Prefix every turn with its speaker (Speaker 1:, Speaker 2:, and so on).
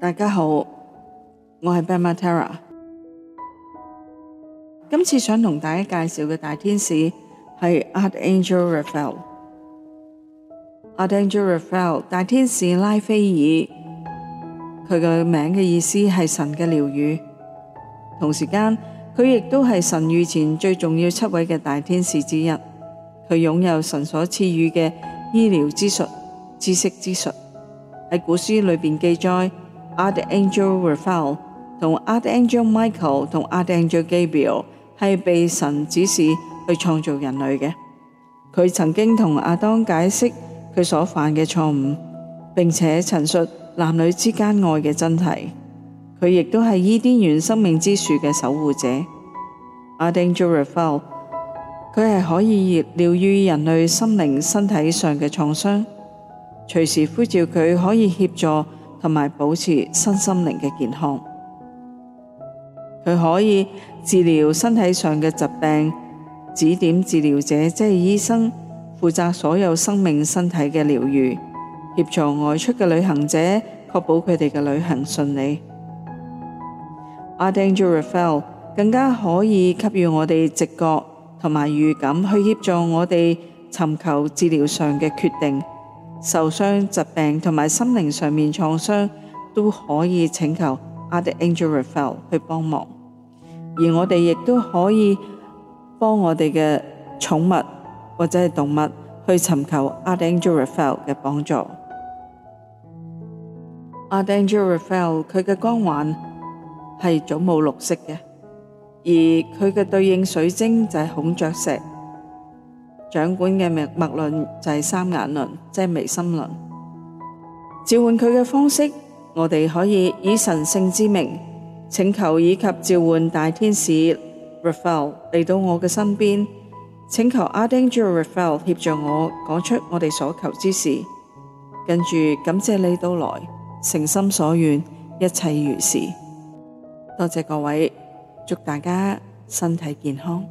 Speaker 1: 大家好，我是 Padma Tara。今次想同大家介紹嘅大天使是 Archangel Raphael，Archangel Raphael 大天使拉斐爾，佢嘅名嘅意思係神嘅療愈。同時間，佢亦都係神御前最重要七位嘅大天使之一。佢擁有神所賜予嘅醫療之術、知識之術。喺古書裏面記載。Archangel Raphael 同 Archangel Michael 同 Archangel Gabriel 係被神指示去創造人類嘅。佢曾經同阿當解釋佢所犯嘅錯誤，並且陳述男女之間愛嘅真諦。佢亦都係伊甸園生命之樹嘅守護者。Archangel Raphael 佢係可以療愈人類心靈身體上嘅創傷，隨時呼叫佢可以協助同埋保持身心靈嘅健康，佢可以治療身體上嘅疾病，指點治療者，即係醫生，負責所有生命身體嘅療愈，協助外出嘅旅行者確保佢哋嘅旅行順利。Archangel Raphael 更加可以給予我哋直覺同埋預感去協助我哋尋求治療上嘅決定。受傷、疾病同埋心靈上面創傷都可以請求 Archangel Raphael 去幫忙，而我哋亦都可以幫我哋嘅寵物或者係動物去尋求 Archangel Raphael 嘅幫助。Archangel Raphael 佢嘅光環係祖母綠色嘅而佢嘅對應水晶就係孔雀石。掌管嘅脈輪就係三眼輪，即係眉心輪。召喚佢嘅方式，我哋可以以神聖之名請求以及召喚大天使 Raphael 嚟到我嘅身邊，請求阿丁主 Raphael 協助我講出我哋所求之事。跟住感謝你到來，誠心所願，一切如是。多謝各位，祝大家身體健康。